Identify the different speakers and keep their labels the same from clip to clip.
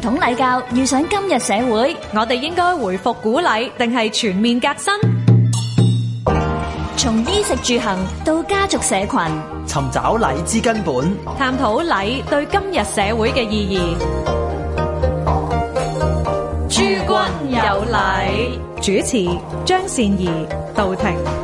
Speaker 1: 統禮教遇上今日社會，我哋應該恢復古禮，定係全面革新？從衣食住行到家族社群，
Speaker 2: 尋找禮之根本，
Speaker 1: 探討禮對今日社會嘅意義。
Speaker 2: 諸君有禮，
Speaker 1: 主持張善儀到庭。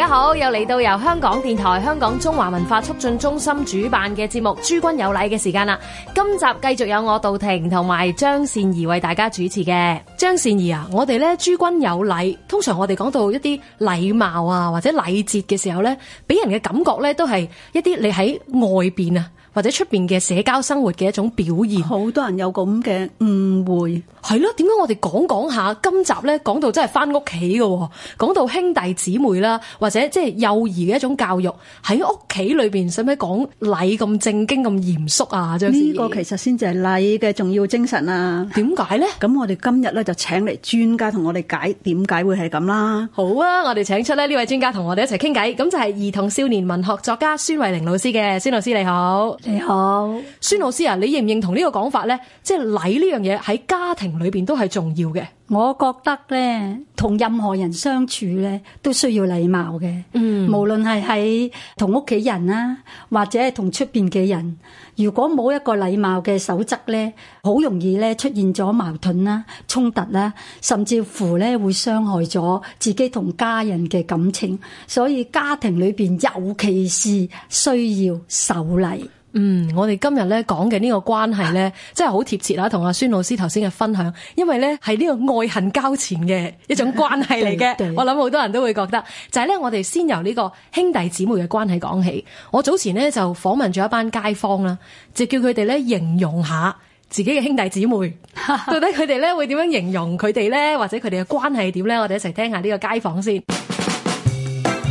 Speaker 1: 大家好，又嚟到由香港電台香港中華文化促進中心主辦嘅節目《諸君有禮》嘅時間啦。今集繼續有我杜婷同埋張善儀爲大家主持嘅。張善儀啊，我哋咧諸君有禮，通常我哋講到一啲禮貌啊或者禮節嘅時候咧，俾人嘅感覺咧都係一啲你喺外邊啊。或者出邊嘅社交生活嘅一種表現，好多人有咁嘅誤會，係咯？點解我哋講講下今集咧，講到真係翻屋企嘅，講到兄弟姊妹啦，或者即係幼兒嘅一種教育
Speaker 3: 喺屋企裏邊，使唔使講禮咁正經咁嚴肅啊？呢個其實先至係禮嘅重要精神啊？點解咧？咁我哋今日咧就請嚟專家同我哋解點解會係咁啦。好啊，我哋請出咧呢位專家同我哋一齊傾偈，咁就係兒童少
Speaker 1: 年文學作家孫慧玲老師嘅。孫老師你好。你好，孫老師啊，你認唔認同呢個講法咧？即係禮呢樣嘢喺家庭裏邊都係重要嘅。
Speaker 4: 我覺得咧，同任何人相處咧，都需要禮貌嘅。嗯，無論係喺同屋企人啦，或者係同出邊嘅人，如果冇一個禮貌嘅守則咧，好容易咧出現咗矛盾啦、衝突啦，甚至乎咧會傷害咗自己同家人嘅感情。所以家庭裏邊尤其是需要守禮。嗯，我哋今日咧講嘅呢個關係
Speaker 1: 咧，真係好貼切啊！同阿孫老師頭先嘅分享，因為咧係呢個愛。愛恨交纏嘅一種關係嚟嘅。 對我諗好多人都會覺得，就係、是、咧我哋先由呢個兄弟姐妹嘅關係講起。我早前咧就訪問咗一班街坊啦，就叫佢哋咧形容下自己嘅兄弟姐妹， 到底佢哋咧會點樣形容佢哋咧，或者佢哋嘅關係點咧？我哋一齊聽一下呢個街坊先。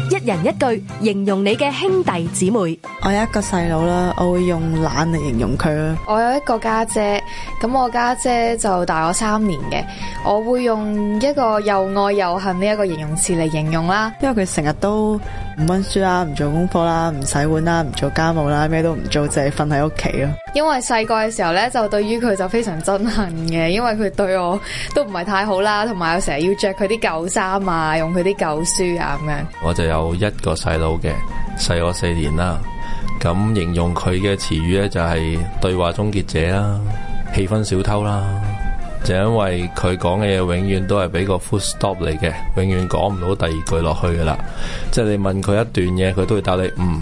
Speaker 1: 一人一句形容你嘅兄弟姊妹。我有一個細佬啦，我會用懶嚟形容佢啦。
Speaker 5: 我有一個家姐，姐，咁我家姐，姐就大我三年嘅，我會用一個又愛又恨呢一、這個形容詞嚟形容啦。因為佢成日都
Speaker 3: 唔溫書啦，唔做功課啦，唔洗碗啦，唔做家務啦，咩都唔做，淨係瞓喺屋企咯。
Speaker 5: 因為細個嘅時候呢，就對於佢就非常憎恨嘅，因為佢對我都唔係太好啦，同埋我成日要着佢啲舊衫啊，用佢啲舊書啊咁樣。
Speaker 4: 我就有一個細佬嘅，細我四年啦。咁形容佢嘅詞語呢，就係對話終結者啦，
Speaker 2: 氣氛小偷啦。就因為佢講嘅嘢永遠都係俾個 full stop 嚟嘅，永遠講唔到第二句落去噶啦。即係你問佢一段嘢，佢都會答
Speaker 4: 你「嗯」。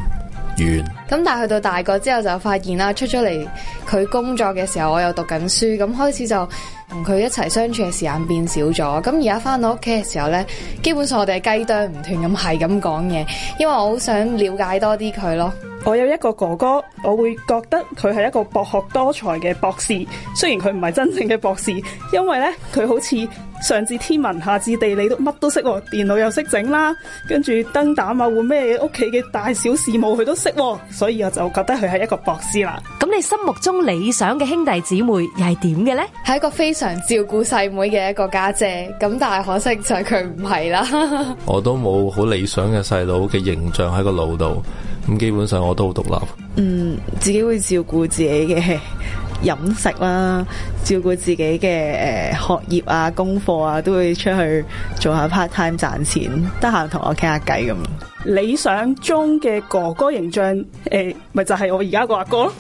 Speaker 5: 咁完但係去到大個之後就發現啦，出咗嚟佢工作嘅時候，我又讀緊書，咁開始就同佢一齊相處嘅時間變少咗。咁而家返到屋企嘅時候呢，基本上我哋係雞啄唔斷咁係咁講嘢，因為我好想了解多啲佢咯。我有一個哥哥，我會覺得佢係一個博學多才嘅博士，雖然佢唔係真正嘅博士，因為呢，佢好似上至天文下
Speaker 3: 至地理都乜都識，電腦又識整啦，跟住燈膽啊換咩嘢，屋企嘅大小事務佢都識，所以我就覺得佢係一個
Speaker 5: 博士啦。咁你心目中理想嘅兄弟姊妹又係點嘅呢？係一個非常照顧細妹嘅一個家姐。咁但係可惜就係佢唔係啦。
Speaker 2: 我都冇好理想嘅細佬嘅形象喺個腦度。
Speaker 1: 咁基本上我都好獨立，嗯，
Speaker 5: 自己會照顧自己嘅飲食啦，照顧自己嘅誒、呃、學業啊、功課啊，都會出去做下 part time 賺錢，得閒同我傾下偈咁。
Speaker 3: 理想中嘅哥哥形象誒，咪、欸、就係、是、我而家個阿哥咯。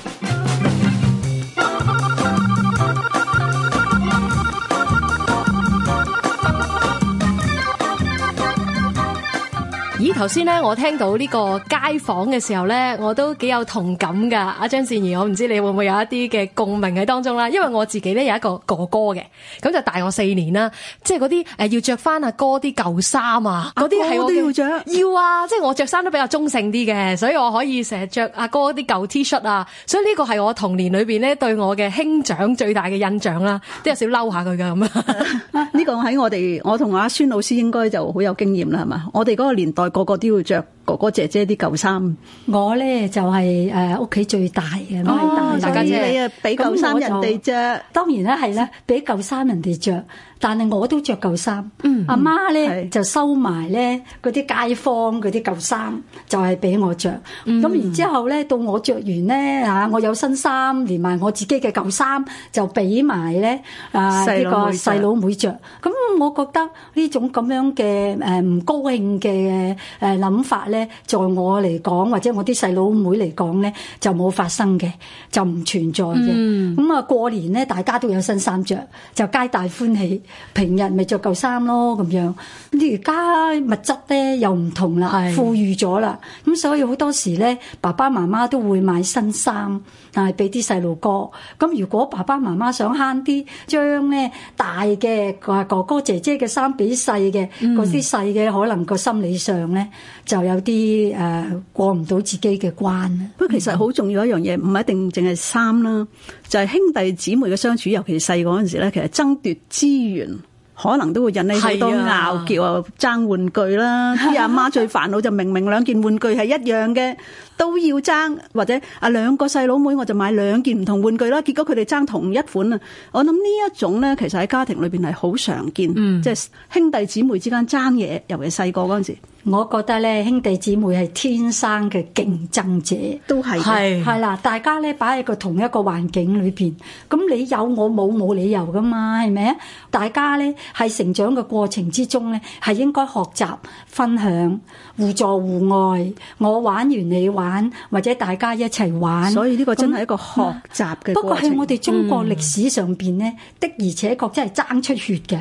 Speaker 1: 頭先咧，我聽到呢個街訪嘅時候咧，我都幾有同感噶。阿張善儀，我唔知你會唔會有一啲嘅共鳴喺當中啦。因為我自己咧有一個哥哥嘅，咁就大我四年啦。即係嗰啲誒，哥哥要着翻阿哥啲舊衫啊，嗰啲係都要着，要啊。即係我着衫都比較中性啲嘅，所以我可以成日着阿哥啲舊 T-shirt 呀，所以呢個係我童年裏邊咧，對我嘅
Speaker 3: 兄長最大嘅印象啦，都有少嬲下佢噶咁啊。呢、 啊這個喺我哋，我同阿孫老師應該就好有經驗啦，係嘛？我哋嗰個年代個。嗰啲會著。哥哥姐姐啲舊衫，我咧就係誒
Speaker 4: 屋企最大嘅大家姐，所以你啊俾舊衫人哋著。當然咧係咧，俾舊衫人哋著，但係我都著舊衫。阿媽咧就收埋咧啲街坊啲舊衫，就係俾我著。咁然之後咧，到我著完咧啊，我有新衫，連埋我自己嘅舊衫就俾埋咧啊呢個細佬妹著。咁我覺得呢種咁樣嘅誒唔高興嘅誒諗法咧。咧，在我嚟講，或者我啲細佬妹嚟講咧，就冇發生嘅，就唔存在嘅。咁啊，過年咧，大家都有新衫着，就皆大歡喜。平日咪着舊衫咯，咁樣。咁而家物質咧又唔同啦，富裕咗啦。咁所以好多時咧，爸爸媽媽都會買新衫，但係俾啲細路哥。咁如果爸爸媽媽想慳啲，將咧大嘅，話哥哥姐姐嘅衫俾細嘅，嗰啲細嘅可能個心理上咧就有。啲誒過唔
Speaker 3: 到自己嘅關咧、嗯，不過其實好重要一樣嘢，唔係一定淨係衫啦，就係、是、兄弟姊妹嘅相處，尤其細個嗰陣時咧，其實爭奪資源可能都會引起好多拗撬啊，爭玩具啦，啲阿媽最煩惱 就明明兩件玩具係一樣嘅。都要爭，或者啊兩個細佬妹，我就買兩件唔同玩具啦。結果佢哋爭同一款啊！我諗呢一種咧，其實喺家庭裏邊係好常見，嗯，即係兄弟姊妹之間爭嘢，尤其細個嗰陣時。我覺得咧，兄弟姊妹係天生
Speaker 4: 嘅競爭者，都係係啦，大家咧擺喺個同一個環境裏邊，咁你有我冇，冇理由噶嘛？係咪啊？大家咧係成長嘅過程之中咧，係應該學習分享、互助互愛。我玩完你玩。玩或者大家一齊玩，所以呢個真係一個學習嘅、嗯。不過喺我哋中國歷史上邊呢，的而且確真係爭出血嘅。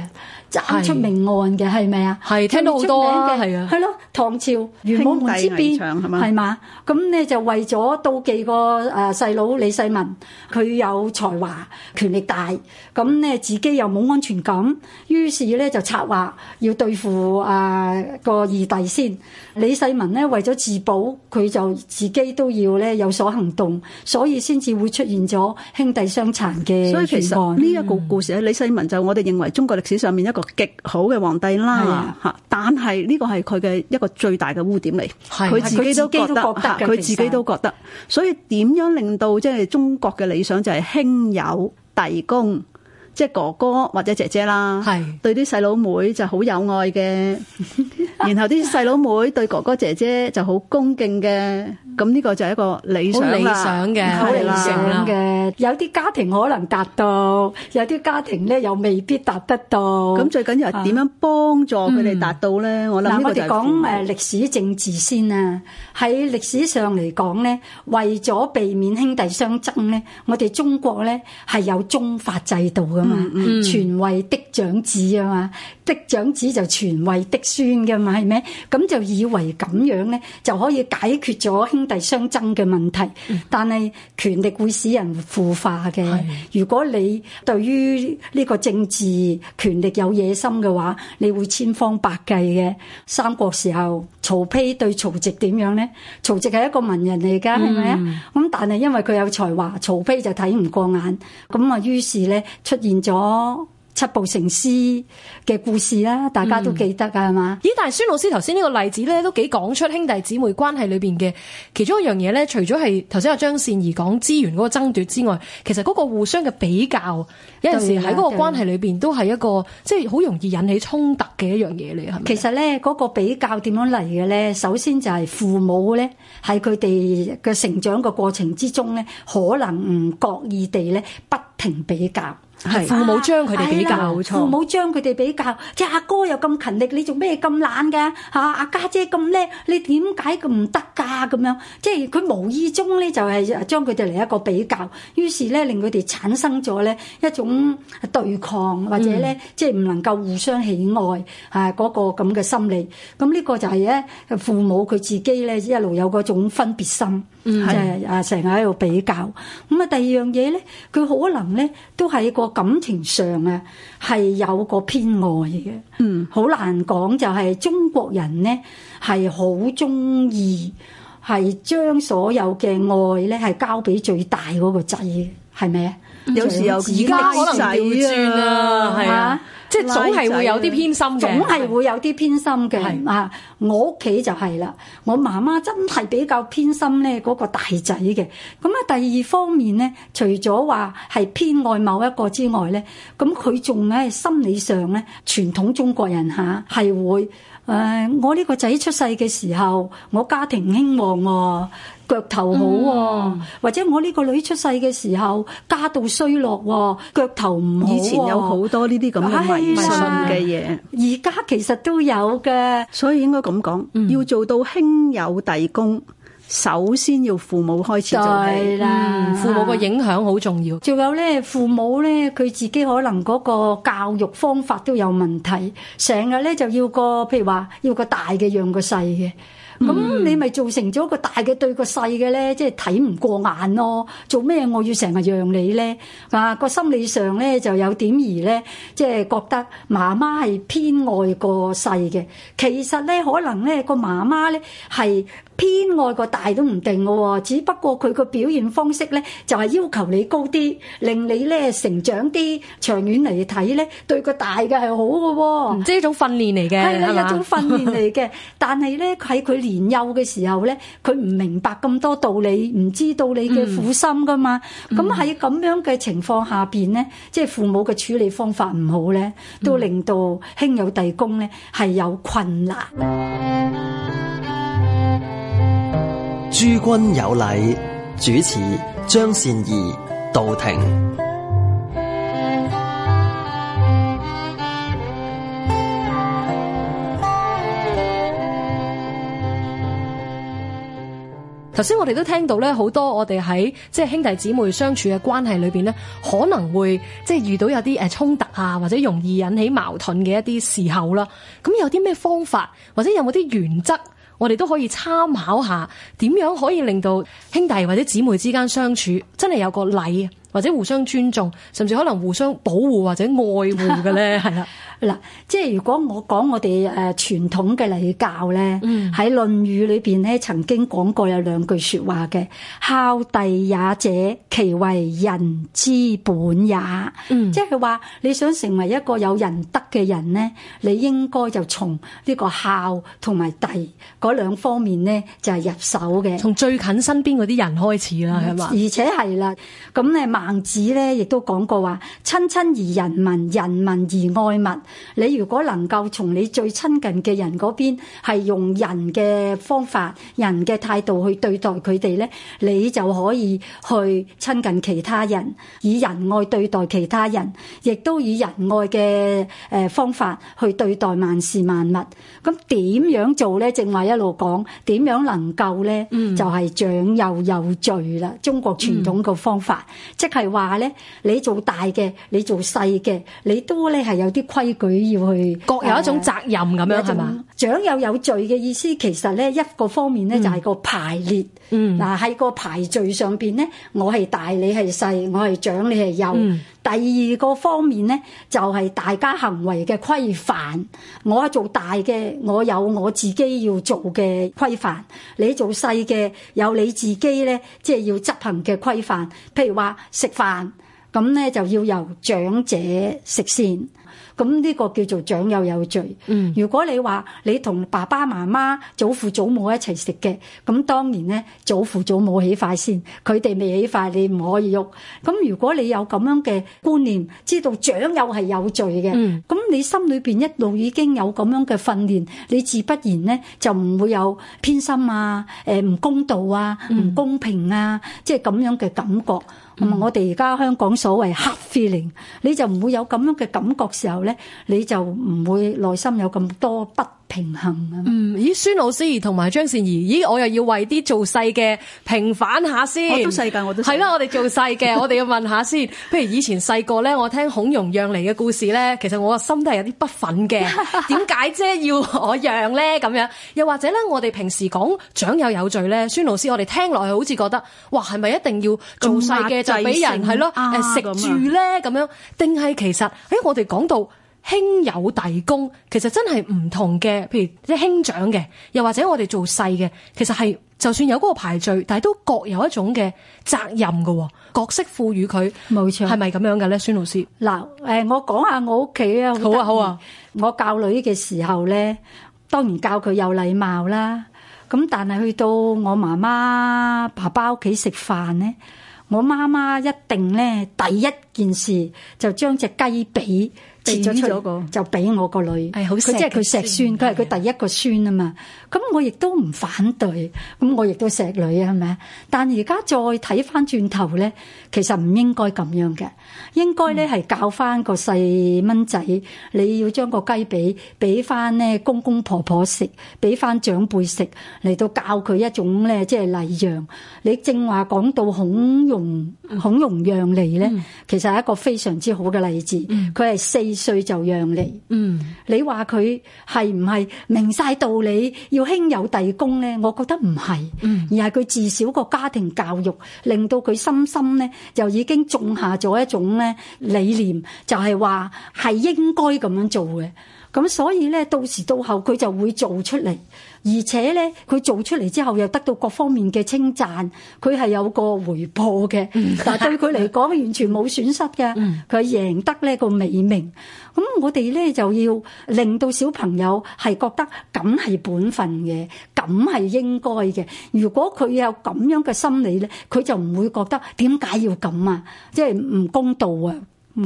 Speaker 4: 找出名案嘅係咪啊？係聽到好多，嘅，係啊，係咯。唐朝元武門之變，係嘛？咁咧就為咗妒忌個誒細佬李世民，佢有才華、權力大，咁咧自己又冇安全感，於是咧就策劃要對付啊個二弟先。李世民咧為咗自保，佢就自己都要咧有所行動，所以先至會出現咗兄弟相殘
Speaker 3: 嘅。所以其實呢一個故事咧，李世民就我哋認為中國歷史上面一個極好嘅皇帝啦，吓、啊！但係呢個係佢嘅一個最大嘅污點嚟，佢、啊、自己都覺得，佢自，實自己都覺得。所以點樣令到即係中國嘅理想就係兄友弟恭，即、就、係、是、哥哥或者姐姐啦，啊、對啲細佬妹就好有愛嘅，啊、 然後啲細佬妹對哥哥姐姐就好恭敬嘅。咁呢個就係一個理想啦，好理想嘅，好理想嘅。有啲家庭可
Speaker 4: 能達到，有啲家庭咧又未必達得到。咁最緊要係點樣幫助佢哋達到咧？我諗嗱，我哋講誒歷史政治先啊。喺歷史上嚟講咧，為咗避免兄弟相爭咧，我哋中國咧係有宗法制度噶嘛，傳位嫡長子啊嘛，嫡長子就傳位嫡孫嘅嘛，係咩？咁就以為咁樣咧就可以解決咗兄。弟相爭嘅問題，但係權力會使人腐化嘅。的如果你對於呢個政治權力有野心嘅話，你會千方百計嘅。三國時候，曹丕對曹植點樣呢？曹植係一個文人嚟噶，係咪啊？咁、嗯、但係因為佢有才華，曹丕就睇唔過眼。咁啊，於是咧出現咗七步成詩嘅故事啦，大家都記得㗎，係嘛、嗯？
Speaker 1: 咦，但係孫老師頭先呢個例子咧，都幾講出兄弟姊妹關係裏邊嘅其中一樣嘢咧。除咗係頭先阿張善兒講資源嗰個爭奪之外，其實嗰個互相嘅
Speaker 4: 比較，有陣時喺嗰個關係裏邊都係一個即係好容易引起衝突嘅一樣嘢嚟。係其實咧，嗰、嗰個比較點樣嚟嘅咧？首先就係父母咧，喺佢哋嘅成長嘅過程之中咧，可能唔覺意地咧不停比較。係父母將佢哋比較，父母將佢哋比較，即係阿哥又咁勤力，你做咩咁懶噶？吓，阿家姐咁叻，你點解咁唔得噶？咁樣，即係佢無意中咧，就係將佢哋嚟一個比較，於是咧令佢哋產生咗咧一種對抗，或者咧即係唔能夠互相喜愛吓嗰個咁嘅心理。咁呢個就係咧父母佢自己咧一路有嗰種分別心。嗯，就係啊，成日喺度比較。咁啊，第二樣嘢咧，佢可能咧都係個感情上啊，係有個偏愛嘅。嗯，好難講，就係中國人咧係好中意係將所有嘅愛咧係交俾最大嗰個仔，係咪啊？有時候而家可能調轉啊，係啊。即係總係會有啲偏心嘅，仔總係會有啲偏心嘅。係啊是，是我屋企就係啦，我媽媽真係比較偏心咧嗰個大仔嘅。咁啊，第二方面咧，除咗話係偏愛某一個之外咧，咁佢仲咧心理上咧，傳統中國人嚇係會誒、呃，我呢個仔出世嘅時候，我家庭興旺喎、哦。腳頭好喎，或者我呢個女出世嘅時候家道衰落
Speaker 3: 喎，腳頭唔好喎。以前有好多呢啲咁嘅迷信嘅嘢。而家其實都有嘅，所以應該咁講，要做到兄友弟恭，首先要父母開始做。對啦，父母個影響好重要。仲有咧，
Speaker 4: 父母咧佢自己可能嗰個教育方法都有問題，成日咧就要個譬如話要個大嘅讓個細嘅。咁、嗯、你咪造成咗個大嘅對個細嘅咧，即係睇唔過眼咯。做咩我要成日讓你咧？啊，個心理上咧就有點兒咧，即、就、係、是、覺得媽媽係偏愛個細嘅。其實咧，可能咧個媽媽咧係。偏愛個大都唔定喎,只不過,佢個表現方式呢,就係要求你高啲,令你呢,成長啲。長遠嚟睇呢,對個大嘅係好㗎喎。即係一種訓練嚟嘅。係啦,一種訓練嚟嘅。但係呢,喺佢年幼嘅時候呢,佢唔明白咁多道理,唔知道你嘅苦心㗎嘛。咁,喺咁樣嘅情況下邊呢,即係父母嘅處理方法唔好呢,都令到,兄友弟恭呢,係有困難。
Speaker 5: 諸君有禮，主持張善儀道庭。
Speaker 1: 頭先我哋都聽到咧，好多我哋喺即係兄弟姊妹相處嘅關係裏邊咧，可能會即係遇到有啲誒衝突啊，或者容易引起矛盾嘅一啲時候啦。咁有啲咩方法，或者有冇啲原則？我哋都可以參考下，點樣可以令到兄弟或者姊妹之間相處真係有個禮，或者互相尊重，
Speaker 4: 甚至可能互相保護或者愛護嘅咧，係啦。嗱，即係如果我講我哋誒傳統嘅禮教咧，喺、嗯《論語》裏邊咧，曾經講過有兩句說話嘅，嗯、孝弟也者，其為人之本也。嗯，即係話你想成為一個有仁德嘅人咧，你應該就從呢個孝同埋弟嗰兩方面咧就係入手嘅。從最近身邊嗰啲人開始啦，係嘛、嗯？吧而且係啦，咁咧孟子咧亦都講過話：親親而仁民，仁民而愛物。你如果能夠從你最親近嘅人嗰邊，係用人嘅方法、人嘅態度去對待佢哋咧，你就可以去親近其他人，以仁愛對待其他人，亦都以仁愛嘅誒方法去對待萬事萬物。咁點樣做咧？正話一路講，點樣能夠咧？嗯、就係長幼有序啦，中國傳統嘅方法，嗯、即係話咧，你做大嘅，你做細嘅，你都咧係有啲規。佢要去各有一種責任咁樣，係嘛、嗯？長吧幼有序嘅意思，其實咧一個方面咧就係個排列嗱喺、嗯嗯、個排序上邊咧，我係大你係細，我係長你係幼。嗯、第二個方面咧就係大家行為嘅規範。我做大嘅，我有我自己要做嘅規範；你做細嘅，有你自己咧，即係要執行嘅規範。譬如話食飯咁咧，就要由長者食先。咁呢個叫做長幼有序。如果你話你同爸爸媽媽、祖父祖母一齊食嘅，咁當然咧，祖父祖母起筷先，佢哋未起筷，你唔可以喐。咁如果你有咁樣嘅觀念，知道長幼係有序嘅，咁你心裏邊一路已經有咁樣嘅訓練，你自不然咧就唔會有偏心啊、誒唔公道啊、唔公平啊，即係咁樣嘅感覺。咁我哋而家香港所謂黑 Feeling，你就唔會有咁樣嘅感覺時候咧，你就唔會內心有咁多不。平衡
Speaker 1: 啊！嗯，咦，孫老師同埋張善儀，咦，我又要為啲做細嘅平反下先。我都世界，我都係啦，我哋做細嘅， 我哋要問下先。譬如以前細個咧，我聽孔融讓梨嘅故事咧，其實我個心都係有啲不忿嘅。點解啫要我讓咧？咁樣又或者咧，我哋平時講長幼有序咧，孫老師，我哋聽落去好似覺得，哇，係咪一定要做細嘅就俾人係咯？誒，食住咧咁樣，定係其實喺我哋講到。兄友弟恭，其實真係唔同嘅。譬如啲兄長嘅，又或者我哋做細嘅，其實係就算有嗰個排序，但係都各有一種嘅責任嘅角色賦予佢，冇錯係咪咁樣
Speaker 4: 嘅咧？孫老師，嗱，誒，我講下我屋企啊，好啊，好啊。我教女嘅時候咧，當然教佢有禮貌啦。咁但係去到我媽媽爸爸屋企食飯咧，我媽媽一定咧第一件事就將隻雞髀。咗出嗰就俾我個女，佢即係佢錫孫，佢係佢第一個孫啊嘛。咁的我亦都唔反對，咁我亦都錫女啊係咪啊？但而家再睇翻轉頭咧，其實唔應該咁樣嘅。應該咧係教返個細蚊仔，你要將個雞髀，俾返公公婆婆食，俾返長輩食，嚟到教佢一種咧，即係禮讓。你正話講到孔融，孔融讓梨咧，其實係一個非常之好嘅例子。佢係四歲就讓梨。嗯，你話佢係唔係明晒道理，要兄友弟恭咧？我覺得唔係，嗯，而係佢自少個家庭教育令到佢深深咧，就已經種下咗一種咁咧，理念就係話係應該咁樣做嘅。咁所以咧，到時到後佢就會做出嚟，而且咧佢做出嚟之後又得到各方面嘅稱讚，佢係有個回報嘅。但對佢嚟講，完全冇損失嘅。佢贏得呢個美名。咁我哋咧就要令到小朋友係覺得咁係本分嘅，咁係應該嘅。如果佢有咁樣嘅心理咧，佢就唔會覺得點解要咁啊，即係唔公道啊！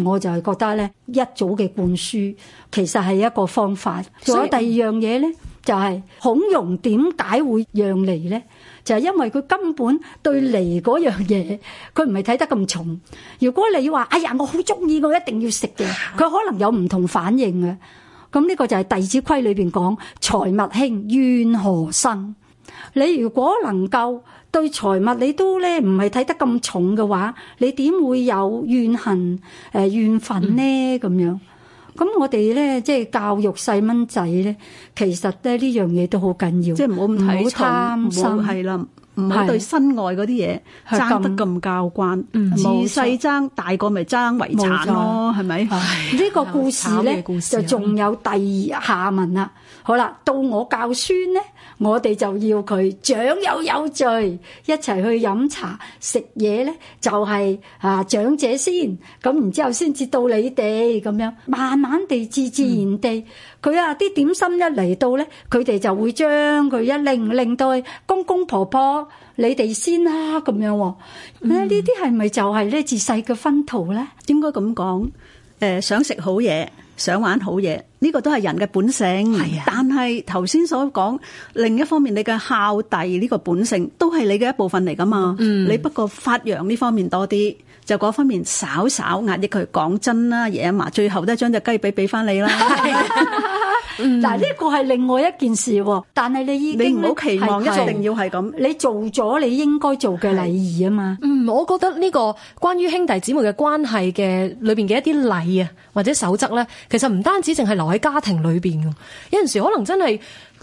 Speaker 4: 我就係覺得咧，一早嘅灌輸其實係一個方法。仲有第二樣嘢咧，就係、是、孔融點解會讓梨咧？就係、是、因為佢根本對梨嗰樣嘢，佢唔係睇得咁重。如果你話哎呀，我好中意，我一定要食嘅，佢可能有唔同反應嘅。咁呢個就係《弟子規》裏邊講財物輕，怨何生？你如果能夠。對財物你都咧唔係睇得咁重嘅話，你點會有怨恨誒、呃、怨憤咧咁樣？咁我哋咧即係教育細蚊仔咧，
Speaker 3: 其實咧呢樣嘢都好緊要，即係唔好唔好貪心。唔好對身外嗰啲嘢爭得咁交關，自細爭大個咪爭遺產咯，係咪？呢個故事咧就仲有第二下文啦。
Speaker 4: 好啦，到我教孫咧，我哋就要佢長幼有序，一齊去飲茶食嘢咧，就係啊長者先，咁然之後先至到你哋咁樣，慢慢地自自然地。佢啊，啲點心一嚟到咧，佢哋就會將佢一令令到公公婆婆，你哋先啦咁樣喎。咁咧呢啲係咪就係咧自細嘅訓導咧？應該
Speaker 3: 咁講。誒，想食好嘢，想玩好嘢，呢個都係人嘅本性。係啊，但係頭先所講另一方面，你嘅孝弟呢個本性都係你嘅一部分嚟㗎嘛。嗯，你不過發揚呢方面多啲。就，嗰方面，稍稍壓抑佢。講真啦，爺阿嫲，最後都係將
Speaker 4: 隻雞髀
Speaker 1: 俾返你啦。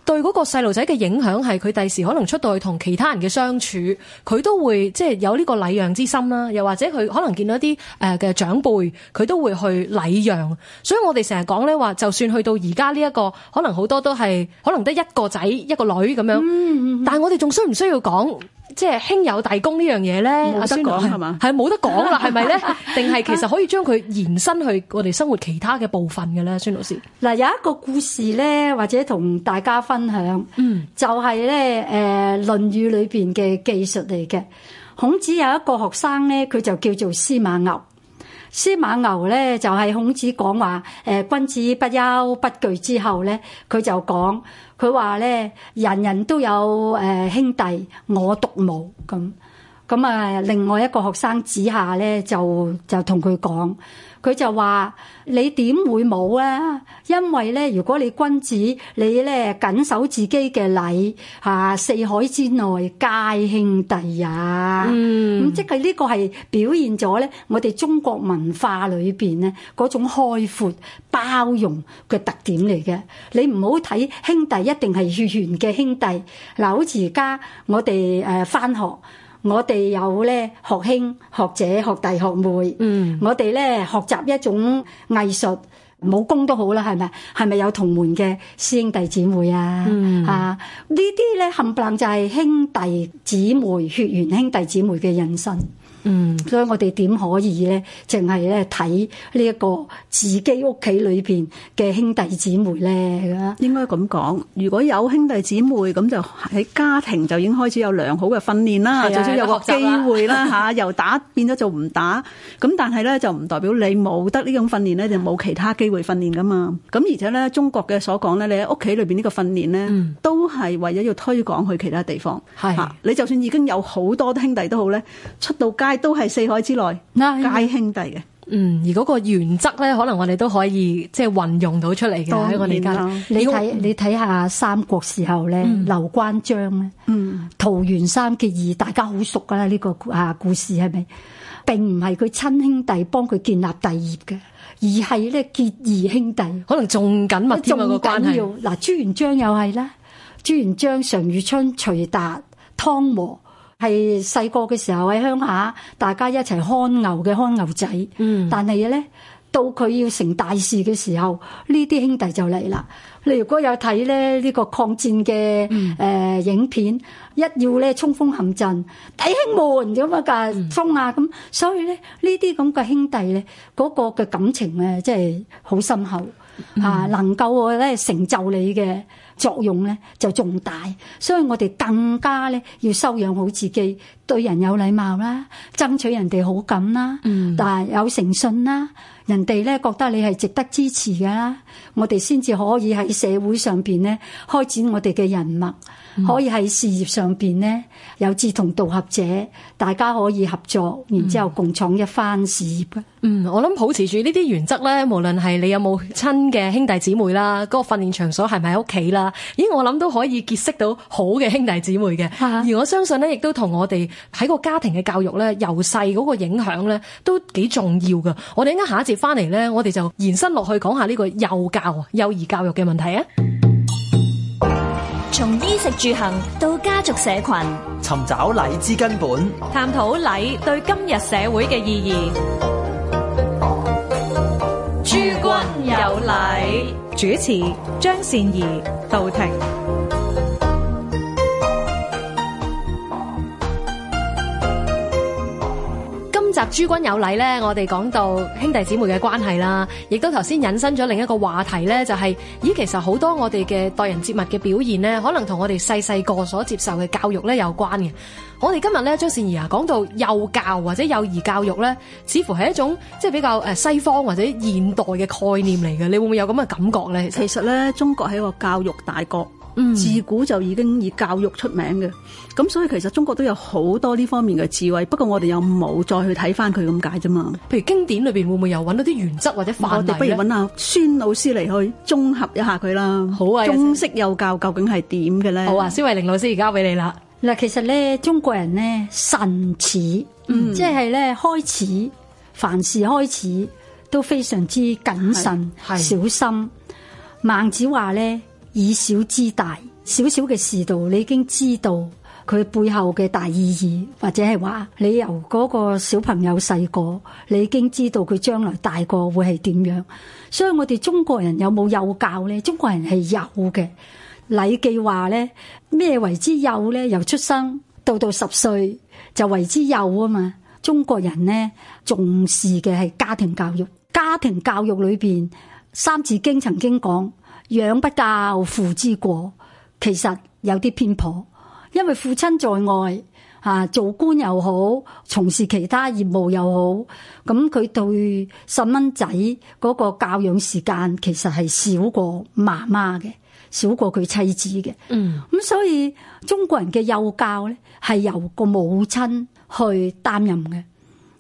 Speaker 1: 對嗰個細路仔嘅影響係佢第時可能出到去同其他人嘅相處，佢都會即係有呢個禮讓之心啦。又或者佢可能見到一啲誒嘅長輩，佢都會去禮讓。所以我哋成日講呢話，就算去到而家呢一個，可能好多都係可能得一個仔一個女咁樣，嗯嗯、但係我哋仲需唔需要講？即係輕有大功呢樣嘢咧，冇得講係嘛，係冇得講啦，係咪咧？定係其實可以將
Speaker 4: 佢延伸去我哋生活其他嘅部分嘅咧，孫老師。嗱，有一個故事咧，或者同大家分享，嗯，就係咧，誒《論語》裏邊嘅技術嚟嘅。孔子有一個學生咧，佢就叫做司馬牛。司馬牛咧，就係孔子講話，誒君子不憂不懼之後咧，佢就講。佢話咧，人人都有誒、呃、兄弟，我獨無咁。咁啊，另外一個學生子夏咧，就就同佢講。佢就話：你點會冇咧？因為咧，如果你君子，你咧謹守自己嘅禮嚇，四海之內皆兄弟也。嗯，咁即係呢個係表現咗咧，我哋中國文化裏邊咧嗰種開闊包容嘅特點嚟嘅。你唔好睇兄弟一定係血緣嘅兄弟，嗱，好似而家我哋誒返學。我哋有咧學兄、學姐、學弟、學妹，嗯、我哋咧學習一種藝術、武功都好啦，係咪？係咪有同門嘅師兄弟姊妹啊？嗯、啊，呢啲咧冚唪唥就係兄弟姊妹、血緣兄弟姊妹嘅人生。嗯，所以我哋點可以咧？淨係咧睇
Speaker 3: 呢一個自己屋企裏邊嘅兄弟姊妹咧？係啊，應該咁講，如果有兄弟姊妹咁就喺家庭就已經開始有良好嘅訓練啦，的就算有機會啦吓習 由打變咗做唔打。咁但係咧就唔代表你冇得呢種訓練咧，就冇其他機會訓練噶嘛。咁而且咧中國嘅所講咧，你喺屋企裏邊呢個訓練咧，嗯、都係為咗要推廣去其他地方係吓的你就算已經有好多兄弟都好咧，出到街。都係四海之內皆兄弟嘅，嗯，而嗰個原則咧，可能我哋都可以即係運用到出嚟嘅喺我哋。你睇
Speaker 4: 你睇下三國時候咧，劉、嗯、關張咧，嗯、桃園三結義，大家好熟噶啦，呢個啊故事係咪，並唔係佢親兄弟幫佢建立帝業嘅，而係咧結義兄弟，可能仲緊密仲緊要。嗱，朱元璋又係啦，朱元璋常遇春、徐達、湯和。係細個嘅時候喺鄉下，大家一齊看牛嘅看牛仔。嗯，但係咧，到佢要成大事嘅時候，呢啲兄弟就嚟啦。你如果有睇咧呢個抗戰嘅誒影片，一要咧衝鋒陷陣，弟兄們咁啊噶風啊咁，所以咧呢啲咁嘅兄弟咧，嗰個嘅感情咧，即係好深厚啊，能夠咧成就你嘅。作用咧就重大，所以我哋更加咧要修養好自己，對人有禮貌啦，爭取人哋好感啦，但係有誠信啦，人哋咧覺得你係值得支持嘅啦，我哋先至可以喺社會上邊咧開展我哋嘅人脈，可以喺事業上邊咧有志同道合者，大家可以合作，然之後共創一番事業。嗯，我諗保
Speaker 1: 持住呢啲原則咧，無論係你有冇親嘅兄弟姊妹啦，嗰、嗰個訓練場所係咪喺屋企啦，咦，我諗都可以結識到好嘅兄弟姊妹嘅。啊、而我相信咧，亦都同我哋喺個家庭嘅教育咧，由細嗰個影響咧，都幾重要噶。我哋一陣下一節翻嚟咧,我哋就延伸落去講下呢個幼教、幼兒教育嘅問題啊。從衣食住行到家族社群，
Speaker 2: 尋找禮之根
Speaker 5: 本，
Speaker 1: 探討禮對今日社會嘅意義。
Speaker 3: 有禮，
Speaker 1: 主持張善儀到庭。集諸君有禮咧，我哋講到兄弟姐妹嘅關係啦，亦都頭先引申咗另一個話題咧，就係咦，其實好多我哋嘅待人接物嘅表現咧，可能同我哋細細個所接受嘅教育咧有關嘅。我哋今日咧張善儀啊，講到幼教或者幼兒教育咧，似乎係一種即係比較誒西
Speaker 3: 方或者現代嘅概念嚟嘅，你會唔會有咁嘅感覺咧？其實咧，中國係一個教育大國。自古就已經以教育出名嘅，咁所以其實中國都有好多呢方面嘅智慧，不過我哋又冇再去睇翻佢咁解啫嘛。譬如經典裏邊會唔會又揾到啲原則或者範例？我哋不如揾下孫老師嚟去綜合一下佢啦。好啊，中式幼教究竟係點嘅咧？好啊，孫慧玲老師交俾你啦。嗱，其實咧中國人
Speaker 4: 咧慎始，神，嗯、即係咧開始，凡事開始都非常之謹慎小心。孟子話咧。以小知大，小小嘅事道，你已經知道佢背後嘅大意義，或者係話你由嗰個小朋友細個，你已經知道佢將來大個會係點樣。所以我哋中國人有冇幼教咧？中國人係有嘅。禮記話咧，咩為之幼咧？由出生到到十歲就為之幼啊嘛。中國人呢重視嘅係家庭教育，家庭教育裏邊《三字經》曾經講。養不教，父之過。其實有啲偏頗，因為父親在外吓、啊、做官又好，從事其他業務又好，咁佢對細蚊仔嗰個教養時間其實係少過媽媽嘅，少過佢妻子嘅。嗯，咁、嗯、所以中國人嘅幼教咧係由個母親去擔任嘅。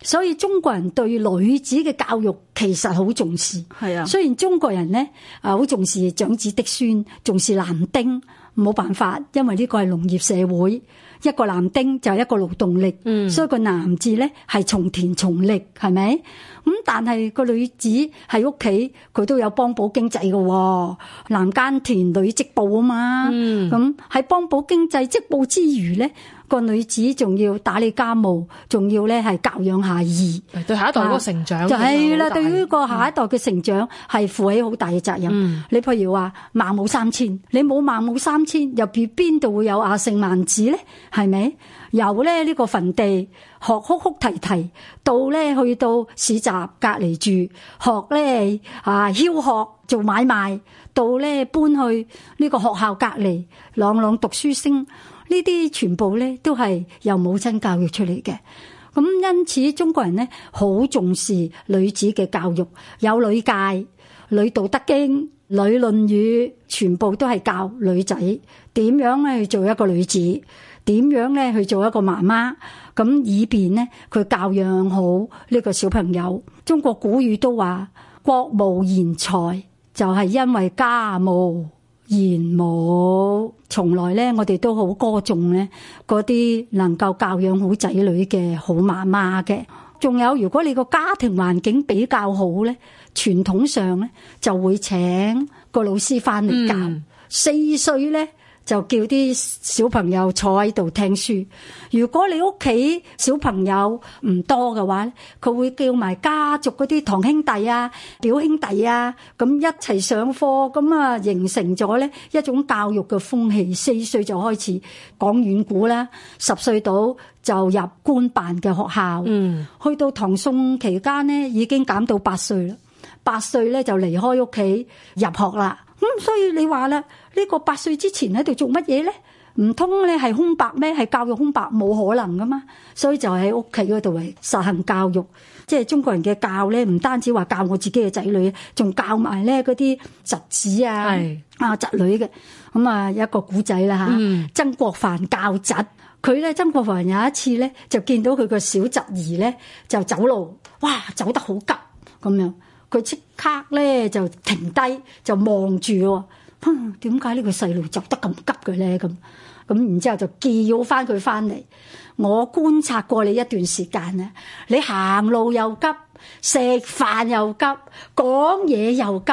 Speaker 4: 所以中國人對女子嘅教育其實好重視，係啊的。雖然中國人咧啊好重視長子嫡孫，重視男丁，冇辦法，因為呢個係農業社會，一個男丁就係一個勞動力，嗯，所以個男子咧係從田從力，係咪？咁但係個女子喺屋企佢都有幫補經濟噶，男耕田女織布啊嘛，咁喺幫補經濟織布之餘咧。個女子仲要打理家務，仲要咧係教養下兒，對下一代個成長就係啦。對於個下一代嘅成長，係負起好大嘅責任。你譬如話孟母三遷，你冇孟母三遷，入邊邊度會有亞聖孟子咧？係咪由咧呢個墳地學哭哭啼啼，到咧去到市集隔離住，學咧啊囂學做買賣，到咧搬去呢個學校隔離朗朗讀書聲。呢啲全部咧都係由母親教育出嚟嘅，咁因此中國人咧好重視女子嘅教育，有女戒、女道德經、女論語，全部都係教女仔點樣咧去做一個女子，點樣咧去做一個媽媽，咁以便咧佢教養好呢個小朋友。中國古語都話：國無賢才，就係、是、因為家無賢母，從來咧，我哋都好歌頌咧，嗰啲能夠教養好仔女嘅好媽媽嘅。仲有，如果你個家庭環境比較好咧，傳統上咧就會請個老師翻嚟教。嗯、四歲咧。就叫啲小朋友坐喺度聽書。如果你屋企小朋友唔多嘅話，佢會叫埋家族嗰啲堂兄弟啊、表兄弟啊，咁一齊上課，咁啊形成咗咧一種教育嘅風氣。四歲就開始講遠古啦，十歲到就入官辦嘅學校。嗯，去到唐宋期間咧，已經減到八歲啦。八歲咧就離開屋企入學啦。咁、嗯、所以你話啦，呢、呢個八歲之前喺度做乜嘢咧？唔通咧係空白咩？係教育空白，冇可能噶嘛。所以就喺屋企嗰度嚟實行教育，即係中國人嘅教咧，唔單止話教我自己嘅仔女，仲教埋咧嗰啲侄子啊、啊是侄女嘅。咁、嗯、啊，有一個古仔啦吓，曾國藩教侄，佢咧曾國藩有一次咧就見到佢個小侄兒咧就走路，哇，走得好急咁樣。佢即刻咧就停低，就望住喎。點解呢個細路走得咁急嘅咧？咁咁然之後就叫翻佢翻嚟。我觀察過你一段時間啦，你行路又急，食飯又急，講嘢又急，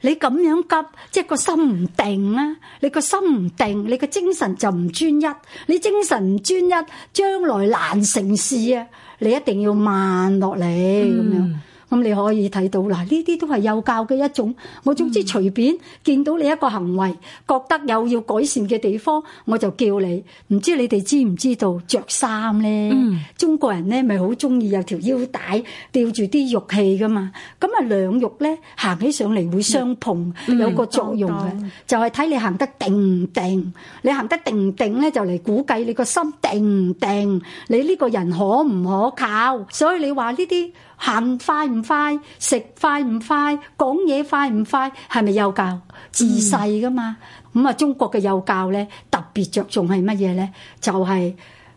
Speaker 4: 你咁樣急，即係個心唔定啊！你個心唔定，你個精神就唔專一。你精神唔專一，將來難成事啊！你一定要慢落嚟咁樣。咁你可以睇到啦，呢啲都係幼教嘅一種。我總之隨便見到你一個行為，覺得有要改善嘅地方，我就叫你。唔知你哋知唔知道着衫咧？中國人咧咪好中意有條腰帶吊住啲玉器噶嘛？咁啊兩玉咧行起上嚟會相碰，有個作用嘅，就係睇你行得定唔定。你行得定唔定咧，就嚟估計你個心定唔定，你呢個人可唔可靠？所以你話呢啲。行快唔快，食快唔快，講嘢快唔快，係咪幼教？自細噶嘛，咁啊、嗯，中國嘅幼教咧，特別着重係乜嘢咧？就係、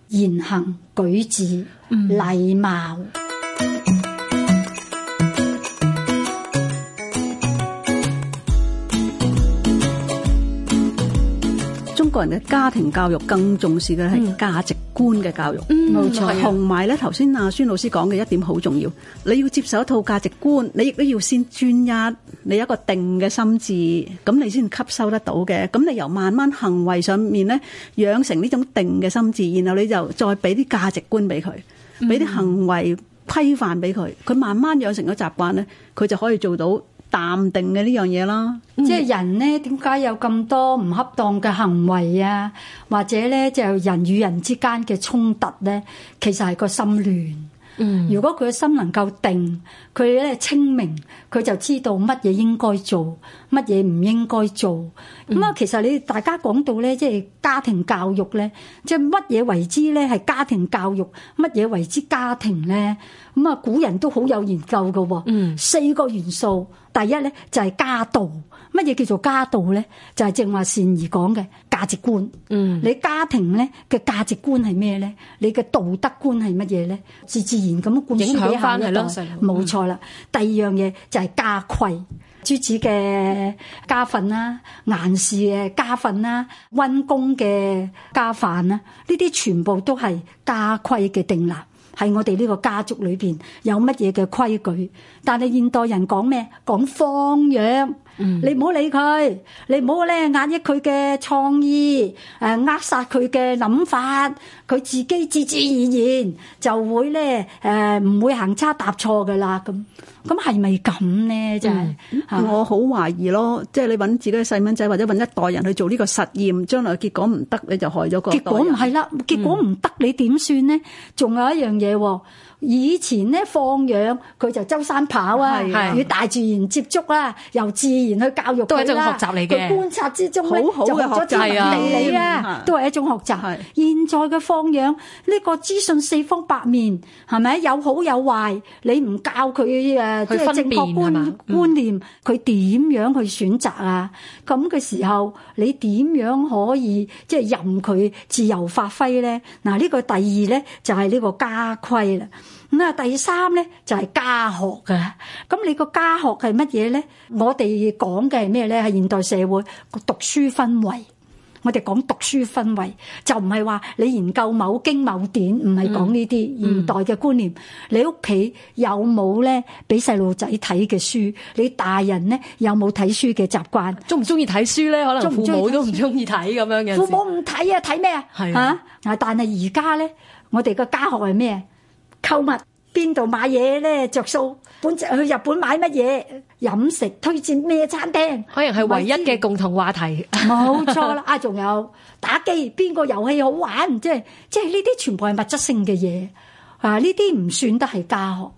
Speaker 4: 是、言行舉止、禮、嗯、貌。
Speaker 3: 個人嘅家庭教育更重視嘅係價值觀嘅教育，冇錯。同埋咧，頭先阿孫老師講嘅一點好重要，你要接受一套價值觀，你亦都要先專一，你有一個定嘅心智，咁你先吸收得到嘅。咁你由慢慢行為上面咧，養成呢種定嘅心智，然後你就再俾啲價值觀俾佢，俾啲行為規範俾佢，佢慢慢養成咗習慣咧，佢就可以做到。淡定嘅呢樣嘢，咯，即係人咧，點解有咁多唔
Speaker 4: 恰當嘅行為啊？或者咧，就人與人之間嘅衝突咧，其實係個心亂。嗯，如果佢嘅心能夠定，佢咧清明，佢就知道乜嘢應該做，乜嘢唔應該做。咁啊，其實你大家講到咧，即係家庭教育咧，即係乜嘢為之咧係家庭教育，乜嘢為之家庭咧？咁啊，古人都好有研究嘅。嗯，四個元素，第一咧就係家道。乜嘢叫做家道咧？就係正話善而講嘅。價值觀，嗯，你家庭咧嘅價值觀係咩咧？你嘅道德觀係乜嘢咧？自自然咁樣灌輸俾下一代，冇錯啦。第二樣嘢就係家規，朱子嘅家訓啦，顏氏嘅家訓啦，溫公嘅家範啦，呢啲全部都係家規嘅定立，喺我哋呢個家族裏邊有乜嘢嘅規矩。但係現代人講咩？講放養，你唔好理佢，你唔好咧壓抑佢嘅創意，誒扼殺佢嘅諗法，佢自己自自然
Speaker 3: 然就會咧誒，唔會行差踏錯㗎喇。咁咁係咪咁咧？真係我好懷疑咯。即係你揾自己嘅細蚊仔或者揾一代人去做呢個實驗，將來結果唔得，你就害咗個結果唔係啦。
Speaker 4: 結果唔得，你點算咧？仲有一樣嘢喎。以前咧放養，佢就周山跑啊，與大自然接觸啦，由自然去教育佢都係一種學習嚟嘅。佢觀察之中咧，好就學咗啲地理啊，都係一種學習。啊、現在嘅放養，呢、這個資訊四方八面，係咪有好有壞？你唔教佢誒，即係正確觀、嗯、觀念，佢點樣去選擇啊？咁嘅時候，你點樣可以即係任佢自由發揮咧？嗱，呢個第二咧就係呢個家規啦。咁啊，第三咧就係家學嘅。咁你個家學係乜嘢咧？我哋講嘅係咩咧？係現代社會讀書氛圍。我哋講讀書氛圍就唔係話你研究某經某典，唔係講呢啲現代嘅觀念。你屋企有冇咧俾細路仔睇嘅書？你大人咧有冇睇書嘅習慣？中唔中意睇書咧？可能父母都唔中意睇咁樣嘅。父母唔睇啊？睇咩啊？係嚇！但係而家咧，我哋個家學係咩？購物，邊度買嘢咧着數？本去日本買乜嘢？飲食推薦咩餐廳？可能係唯一嘅共同話題，冇 錯啦。啊，仲有打機，邊個遊戲好玩？即係即係呢啲全部係物質性嘅嘢啊！呢啲唔算得係家學，係、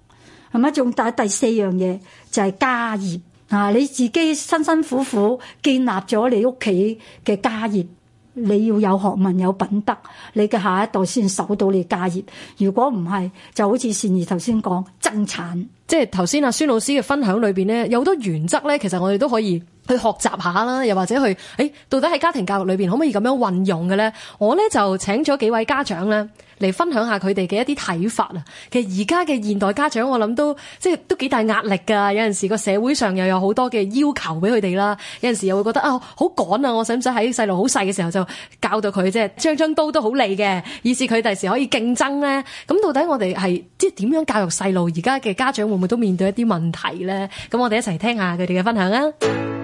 Speaker 4: 啊、咪？仲有第四樣嘢就係、是、家業啊！你自己辛辛苦苦建立咗你屋企嘅家業。你要有學問，有品德，你嘅下一代先守到你家業。如果唔係，就好似善兒頭先講，爭產。即係頭先阿孫老師嘅分
Speaker 1: 享裏邊呢，有好多原則呢。其實我哋都可以去學習下啦，又或者去誒，到底喺家庭教育裏邊可唔可以咁樣運用嘅呢？」我呢就請咗幾位家長呢嚟分享下佢哋嘅一啲睇法啊。其實而家嘅現代家長我諗都即係都幾大壓力噶，有陣時個社會上又有好多嘅要求俾佢哋啦，有陣時又會覺得啊好趕啊！趕，我使唔使喺細路好細嘅時候就教到佢即係張張刀都好利嘅，以至佢第時可以競爭呢？咁到底我哋係即係點樣教育細路？而家嘅家長會。會唔會都面對一啲問題咧？咁我哋一齊聽下佢哋嘅分享啊！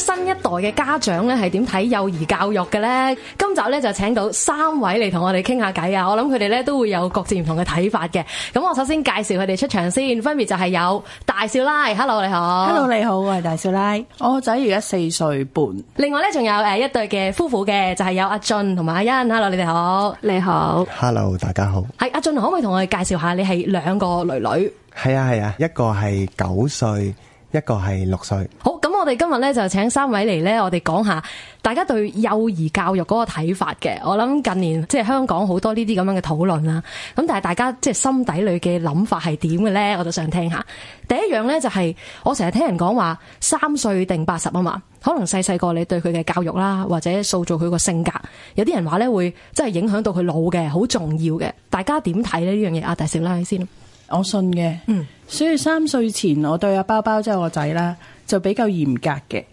Speaker 1: 新一代嘅家長咧係點睇幼兒教育嘅咧？今集咧就請到三位嚟同我哋傾下偈啊！我諗佢哋咧都會有各自唔同嘅睇法嘅。咁我首先介紹佢哋出場先，分別就係有大少奶，Hello 你好，Hello 你好，我係大少奶，我仔而家四
Speaker 2: 歲半。
Speaker 1: 另外咧仲有誒一對嘅夫婦嘅，就係有阿俊同埋阿欣，Hello 你哋好，你好
Speaker 5: ，Hello 大家好，
Speaker 1: 係阿俊，可唔可以同我哋介紹下你係兩個囡囡？
Speaker 5: 係啊係啊，一個係九歲。一個係六歲，
Speaker 1: 好，咁我哋今日咧就請三位嚟咧，我哋講下大家對幼兒教育嗰個睇法嘅。我諗近年即係香港好多呢啲咁樣嘅討論啦，咁但係大家即係心底裏嘅諗法係點嘅咧？我都想聽下。第一樣咧就係、是、我成日聽人講話三歲定八十啊嘛，可能細細個你對佢嘅教育啦，或者塑造佢個性格，有啲人話咧會即係影響到佢老嘅，好重要嘅。大家點睇咧呢樣嘢啊？大少奶，你先。
Speaker 2: 我信嘅，嗯、所以三歲前我對阿包包即係我仔啦，就比較嚴格嘅。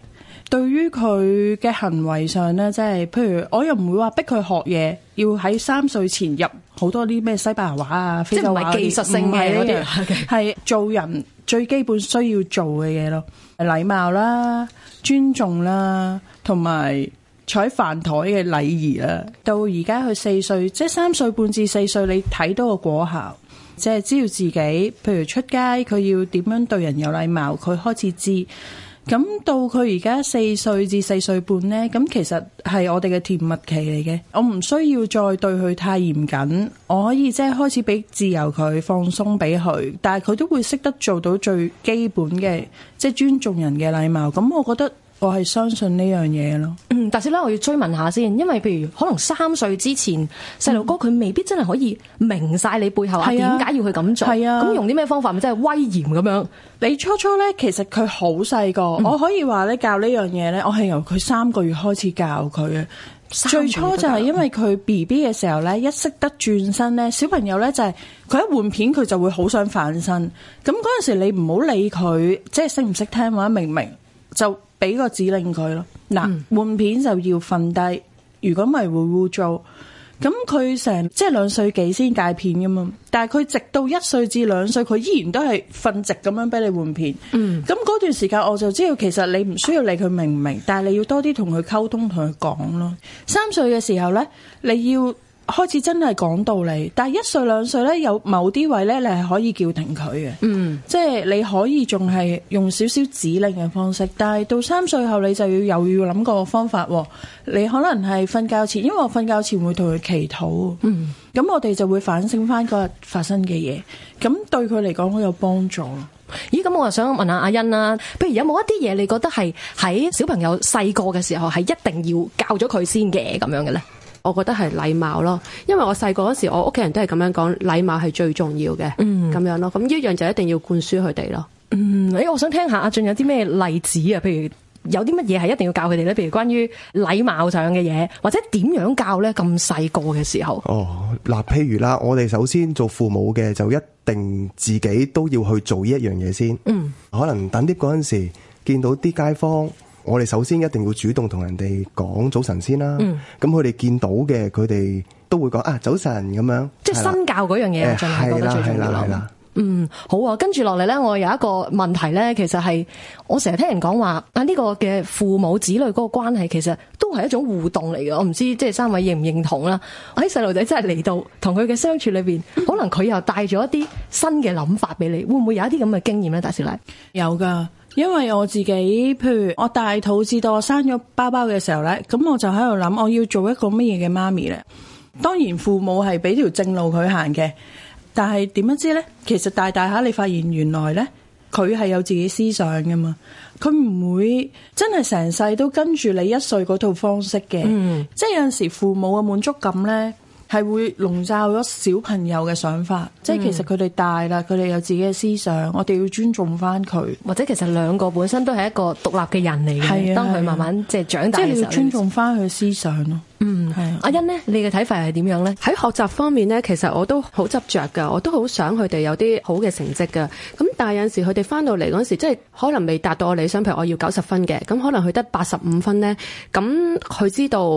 Speaker 2: 對於佢嘅行為上咧，即係譬如我又唔會話逼佢學嘢，要喺三歲前入好多啲咩西班牙話啊，即係唔係技術性嘅嗰啲，係 做人最基本需要做嘅嘢咯，禮貌啦、尊重啦，同埋坐喺飯台嘅禮儀啦。到而家佢四歲，即係三歲半至四歲，你睇到個果效。即係知道自己，譬如出街，佢要點樣對人有禮貌，佢開始知。咁到佢而家四歲至四歲半呢，咁其實係我哋嘅甜蜜期嚟嘅。我唔需要再對佢太嚴謹，我可以即係開始俾自由佢，放鬆俾佢。但係佢都會識得做到最基本嘅，即係尊重人嘅禮貌。咁我覺得。我係相信呢樣嘢咯。嗯，但係呢，我要追問下先，因為譬如可能
Speaker 1: 三歲之前細路、嗯、哥佢未必真係可以明晒你背後點解要佢咁
Speaker 2: 做係啊？咁、啊、用啲咩方法？咪真係威嚴咁樣。你初初咧，其實佢好細個，嗯、我可以話咧教呢樣嘢咧，我係由佢三個月開始教佢嘅。最初就係因為佢 B B 嘅時候咧，嗯、一識得轉身咧，小朋友咧就係、是、佢一換片佢就會好想反身。咁嗰陣時你唔好理佢，即係識唔識聽或者明唔明就。俾個指令佢咯，嗱，換片就要瞓低，如果唔係會污糟。咁佢成即係兩歲幾先戒片㗎嘛，但係佢直到一歲至兩歲，佢依然都係瞓直咁樣俾你換片。咁嗰、嗯、段時間我就知道，其實你唔需要理佢明唔明，但係你要多啲同佢溝通，同佢講咯。三歲嘅時候呢，你要，開始真係講道理，但係一歲兩歲呢，有某啲位呢，你係可以叫停佢嘅，嗯、即係你可以仲係用少少指令嘅方式。但係到三歲後，你就要又要諗個方法。你可能係瞓覺前，因為我瞓覺前會同佢祈禱，咁、嗯、我哋就會反省翻嗰日發生嘅嘢，咁對佢嚟講好有幫助。咦，咁我就想問下阿欣啦、啊，譬如有冇一啲嘢你覺
Speaker 1: 得係喺小朋友細個嘅時候係一定要教咗佢先嘅咁樣嘅呢？我覺得係禮貌咯，因為我細個嗰時，我屋企人都係咁樣講，禮貌係最重要嘅，咁樣咯，嗯。咁呢一樣就一定要灌輸佢哋咯。嗯，咦、欸，我想聽下阿俊有啲咩例子啊？譬如有啲乜嘢係一定要教佢哋咧？譬如關於禮貌上嘅嘢，或者點樣教咧？咁細個嘅時候。哦，嗱、呃，譬如啦，我哋首先做父母嘅，就一定自己都要去做呢一樣嘢先。嗯。可能等啲嗰陣時，見到啲街坊。我哋首先一定要主動同人哋講早晨先啦，咁佢哋見到嘅，佢哋都會講啊早晨，咁樣，即係新教嗰樣嘢，三位覺得最重要啦。嗯，好啊，跟住落嚟咧，我有一個問題咧，其實係我成日聽人講話啊，呢個嘅父母子女嗰個關係，其實都係一種互動嚟嘅。我唔知即係三位認唔認同啦？喺細路仔真係嚟到同佢嘅相處裏邊， 可能佢又帶咗一啲新嘅
Speaker 2: 諗法俾你，會唔會有一啲
Speaker 1: 咁嘅經驗咧？大
Speaker 2: 少奶有噶。因為我自己，譬如我大肚至到我生咗包包嘅時候呢，咁我就喺度諗，我要做一個乜嘢嘅媽咪呢？當然父母係俾條正路佢行嘅，但係點樣知呢？其實大大下你發現原來呢，佢係有自己思想噶嘛，佢唔會真係成世都跟住你一歲嗰套方式嘅，嗯、即係有陣時父母嘅滿足感呢。係會籠罩咗小朋友嘅想法，嗯、即係其實佢哋大啦，佢哋有自己嘅思想，我哋要尊重翻佢，或者其實兩個本身都係一個獨
Speaker 1: 立嘅人嚟嘅，等佢的慢慢的即係長大嘅時候。即係你要尊重
Speaker 2: 翻佢思想咯。嗯，係的
Speaker 1: 阿欣呢？你嘅睇法係點樣呢？喺學習方面呢，其實我都好執着噶，我都好想佢哋有啲好嘅成績噶。咁但係有陣時佢哋翻到嚟嗰時，即係可能未達到我理想，譬如我要九十分嘅，咁可能佢得八十五分呢，咁佢知道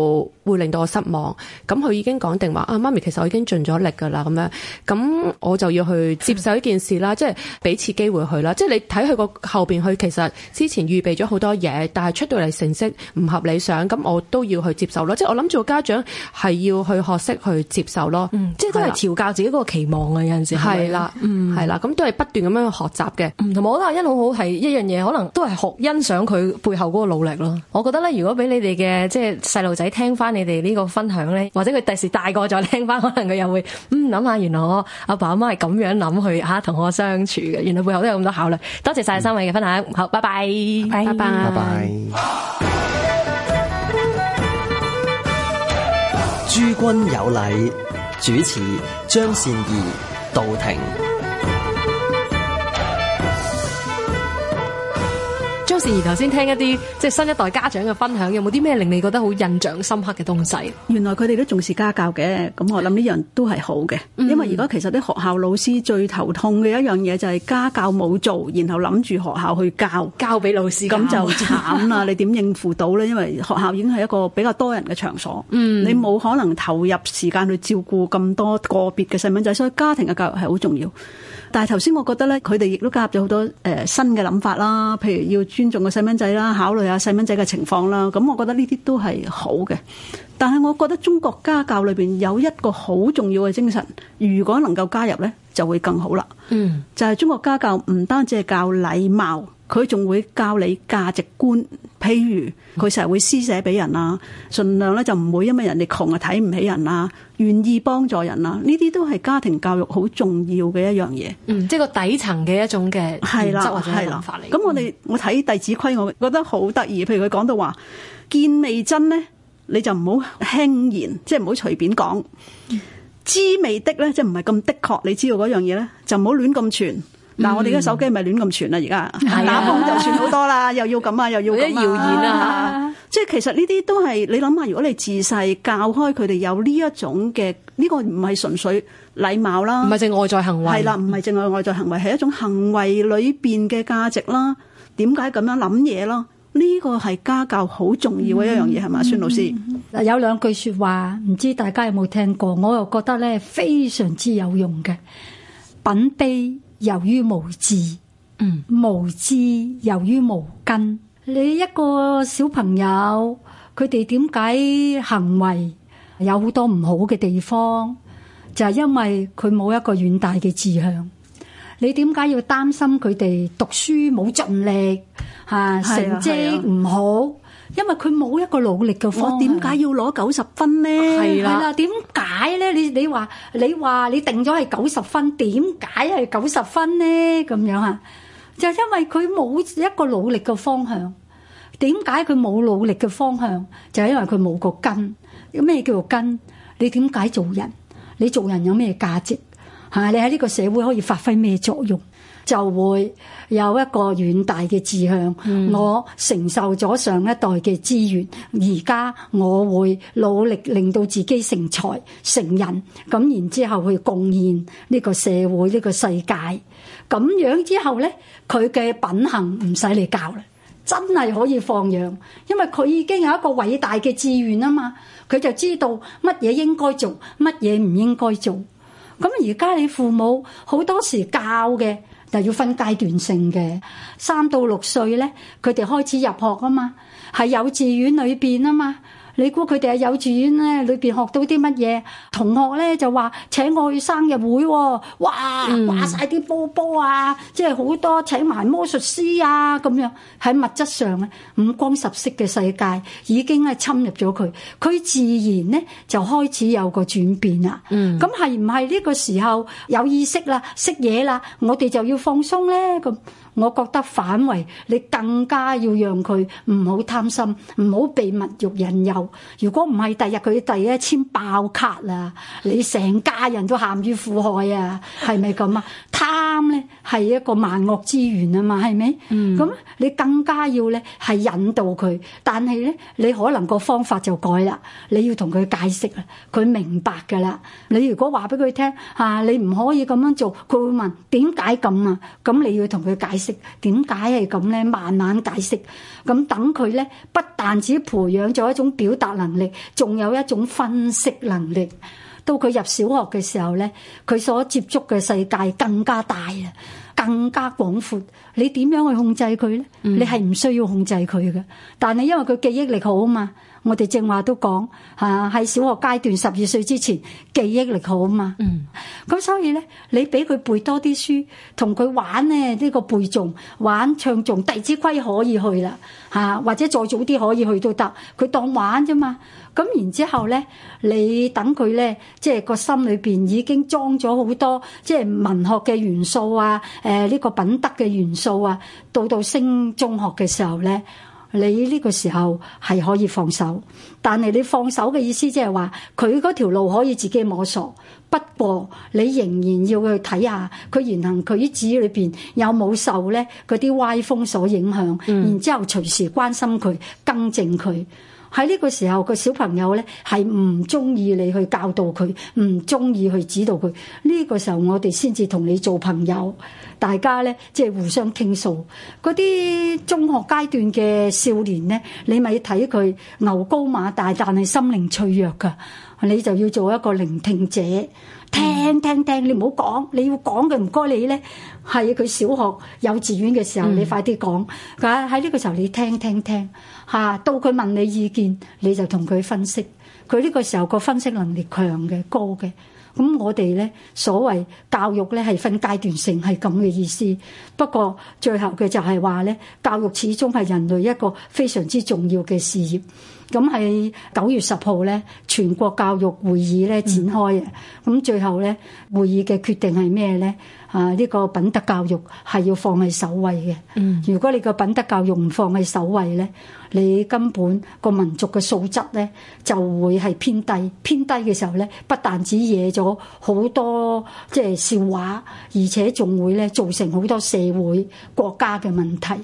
Speaker 1: 會令到我失望。咁佢已經講定話啊，媽咪，其實我已經盡咗力噶啦，咁樣。咁我就要去接受呢件事啦的，即係俾次機會佢啦。即係你睇佢個後邊，佢其實之前預備咗好多嘢，但係出到嚟成績唔合理想，咁我都要去接受咯。即係我諗。做家長係要去學識去接受咯，嗯、即係都係調教自己個期望啊。有陣時係啦，係啦的，咁、嗯、都係不斷咁樣去學習嘅，同埋、嗯、我覺得欣好好係一樣嘢，可能都係學欣賞佢背後嗰個努力咯。我覺得咧，如果俾你哋嘅即係細路仔聽翻你哋呢個分享咧，或者佢第時大個再聽翻，可能佢又會嗯諗下，原來我阿爸阿媽係咁樣諗去吓同我相處嘅，原來背後都有咁多考慮。多謝晒三位嘅分享，好，拜拜，拜拜，拜
Speaker 5: 拜。 君有禮，主持張善宜杜庭。
Speaker 4: 而頭先
Speaker 1: 聽一啲即係新一代家長嘅分享，有冇啲咩令你覺得好印象深刻嘅東西？
Speaker 3: 原來佢哋都重視家教嘅，咁我諗呢樣都係好嘅，嗯、因為而家其實啲學校老師最頭痛嘅一樣嘢就係家教冇做，然後諗住學校去教，交俾老師咁就慘啦！你點應付到呢？因為學校已經係一個比較多人嘅場所，嗯、你冇可能投入時間去照顧咁多個別嘅細蚊仔，所以家庭嘅教育係好重要。但係頭先，我覺得咧，佢哋亦都加入咗好多誒、呃、新嘅諗法啦，譬如要尊重個細蚊仔啦，考慮下細蚊仔嘅情況啦。咁，我覺得呢啲都係好嘅。但係，我覺得中國家教裏邊有一個好重要嘅精神，如果能夠加入咧，就會更好啦。嗯，就係中國家教唔單止係教禮貌。佢仲會教你價值觀，譬如佢成日會施捨俾人啊，盡量咧就唔會，因為人哋窮啊睇唔起人啊，願意幫助人啊，呢啲都係家庭教育好重要嘅一樣嘢。嗯，即係個底層嘅一種嘅原則，係啦，或者諗法嚟。咁我哋我睇弟子規，我覺得好得意。譬如佢講到話見未真咧，你就唔好輕言，即係唔好隨便講；知未的咧，即係唔係咁的確，你知道嗰樣嘢咧，就唔好亂咁傳。嗱，我哋而家手機咪亂咁傳啦，而家打風就傳好多啦，又要咁啊，又要咁啊，即係其實呢啲都係你諗下，如果你自細教開佢哋有呢一種嘅呢個唔係純粹禮貌啦，唔係淨係外在行為，係啦，唔係淨係外在行為，係一種行為裏邊嘅價值啦。點解咁樣諗嘢咯？呢個係家教好重要嘅一樣嘢，係嘛，孫老師？嗱，有兩句説話，唔
Speaker 4: 知大家有冇聽過？我又覺得咧非常之有用嘅，品碑。由於無智，無智，由於無根。你一個小朋友，佢哋點解行為有好多唔好嘅地方，就係因為佢冇一個遠大嘅志向。你點解要擔心佢哋讀書冇盡力，成績唔好？因為佢冇一個努力嘅方，點解、哦、要攞九十分咧？係啦的，點解咧？你你話你話你定咗係九十分，點解係九十分咧？咁樣啊？就係、是、因為佢冇一個努力嘅方向，點解佢冇努力嘅方向？就係、是、因為佢冇個根。咩叫做根？你點解做人？你做人有咩價值？吓，你喺呢個社會可以發揮咩作用？就會有一個遠大嘅志向。我承受咗上一代嘅資源，而家我會努力令到自己成才成人，咁然之後去貢獻呢個社會、呢個世界。咁樣之後咧，佢嘅品行唔使你教啦，真係可以放養，因為佢已經有一個偉大嘅志願啊嘛。佢就知道乜嘢應該做，乜嘢唔應該做。咁而家你父母好多時教嘅。就要分階段性嘅，三到六歲咧，佢哋開始入學啊嘛，喺幼稚園裏邊啊嘛。你估佢哋喺幼稚園咧裏邊學到啲乜嘢？同學咧就話請我去生日會喎，哇，掛曬啲波波啊，即係好多請埋魔術師啊咁樣。喺物質上咧，五光十色嘅世界已經係侵入咗佢，佢自然咧就開始有個轉變啦。嗯。咁係唔係呢個時候有意識啦、識嘢啦，我哋就要放鬆咧咁？我覺得反為你更加要讓佢唔好貪心，唔好被物欲引誘，如果唔係第日佢第一簽爆卡啦，你成家人都陷於苦海啊？係咪咁啊？ 係一個萬惡之源啊嘛，係咪？嗯。咁你更加要咧係引導佢，但係咧你可能個方法就改啦。你要同佢解釋啦，佢明白㗎啦。你如果話俾佢聽嚇，你唔可以咁樣做，佢會問點解咁啊？咁你要同佢解釋點解係咁咧，慢慢解釋。咁等佢咧，不但只培養咗一種表達能力，仲有一種分析能力。到佢入小學嘅時候咧，佢所接觸嘅世界更加大啊，更加廣闊。你點樣去控制佢咧？你係唔需要控制佢嘅。但係因為佢記憶力好啊嘛。我哋正話都講嚇，喺、啊、小學階段十二歲之前記憶力好嘛，咁、嗯、所以咧，你俾佢背多啲書，同佢玩咧呢、這個背誦、玩唱誦《弟子規》可以去啦嚇、啊，或者再早啲可以去都得，佢當玩啫嘛。咁然之後咧，你等佢咧，即、就、係、是、個心裏邊已經裝咗好多即係、就是、文學嘅元素啊，誒、呃、呢、這個品德嘅元素啊，到到升中學嘅時候咧。你呢個時候係可以放手，但係你放手嘅意思即係話，佢嗰條路可以自己摸索。不過你仍然要去睇下佢言行裡有有，佢舉止裏邊有冇受咧嗰啲歪風所影響。嗯、然之後隨時關心佢，更正佢。喺呢個時候，個小朋友咧係唔中意你去教導佢，唔中意去指導佢。呢個時候，我哋先至同你做朋友，大家咧即係互相傾訴。嗰啲中學階段嘅少年咧，你咪睇佢牛高馬大，但係心靈脆弱噶，你就要做一個聆聽者。聽聽聽，你唔好講，你要講嘅唔該你咧。係佢小學幼稚園嘅時候，你快啲講。嚇，喺呢個時候你聽聽聽嚇，到佢問你意見，你就同佢分析。佢呢個時候個分析能力強嘅高嘅。咁我哋咧，所謂教育咧係分階段性係咁嘅意思。不過最後嘅就係話咧，教育始終係人類一個非常之重要嘅事業。咁喺九月十號咧，全國教育會議咧展開嘅。嗯，咁最後咧，會議嘅決定係咩咧？啊，呢個品德教育係要放喺首位嘅。如果你個品德教育唔放喺首位咧，你根本個民族嘅素質咧就會係偏低。偏低嘅時候咧，不但止惹咗好多即係笑話，而且仲會咧造成好多社會國家嘅問題。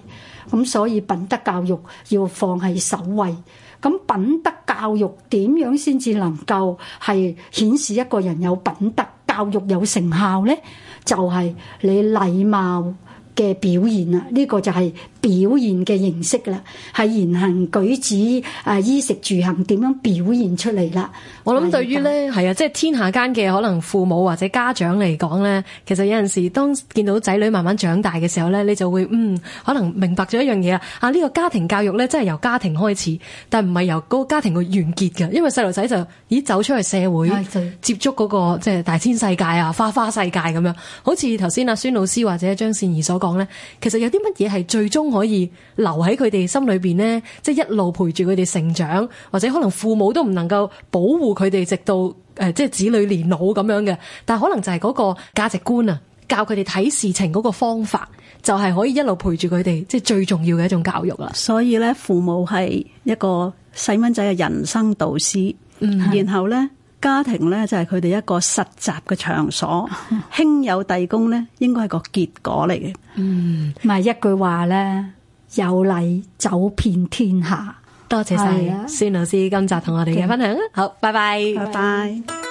Speaker 4: 咁所以品德教育要放喺首位。咁品德教育點樣先至能夠係顯示一個人有品德教育有成效咧？就係你禮貌。嘅表現啦，呢、這個就係表現嘅形式啦，係言行舉止啊，衣食住行點樣表現出嚟啦，我諗對於
Speaker 1: 呢，係啊對，即係的天下間嘅可能父母或者家長嚟講呢，其實有陣時當見到仔女慢慢長大嘅時候呢，你就會嗯，可能明白咗一樣嘢啦。啊，呢、這個家庭教育呢，真係由家庭開始，但唔係由嗰個家庭個完結嘅，因為細路仔就咦走出去社會，接觸嗰個即係大千世界啊，花花世界咁樣。好似頭先阿孫老師或者張善儀所講。講咧，其實有啲乜嘢係最終可以留喺佢哋心裏邊呢？即係一路陪住佢哋成長，或者可能父母都唔能夠保護佢哋，直到誒即係子女年老咁樣嘅。但係可能就係嗰個價值觀啊，教佢哋睇
Speaker 3: 事情嗰個方法，就係可以一路陪住佢哋，即係最重要嘅一種教育啦。所以呢，父母係一個細蚊仔嘅人生導師，嗯，然後呢。家庭咧，就係佢哋一個實習嘅場所，兄、嗯、友弟恭咧，應該係個結果嚟嘅。嗯，唔係一句話咧，有禮走遍
Speaker 4: 天下。多謝晒孫
Speaker 1: 的老師今集同我哋嘅分
Speaker 4: 享。行好，拜拜，拜拜
Speaker 3: bye。Bye bye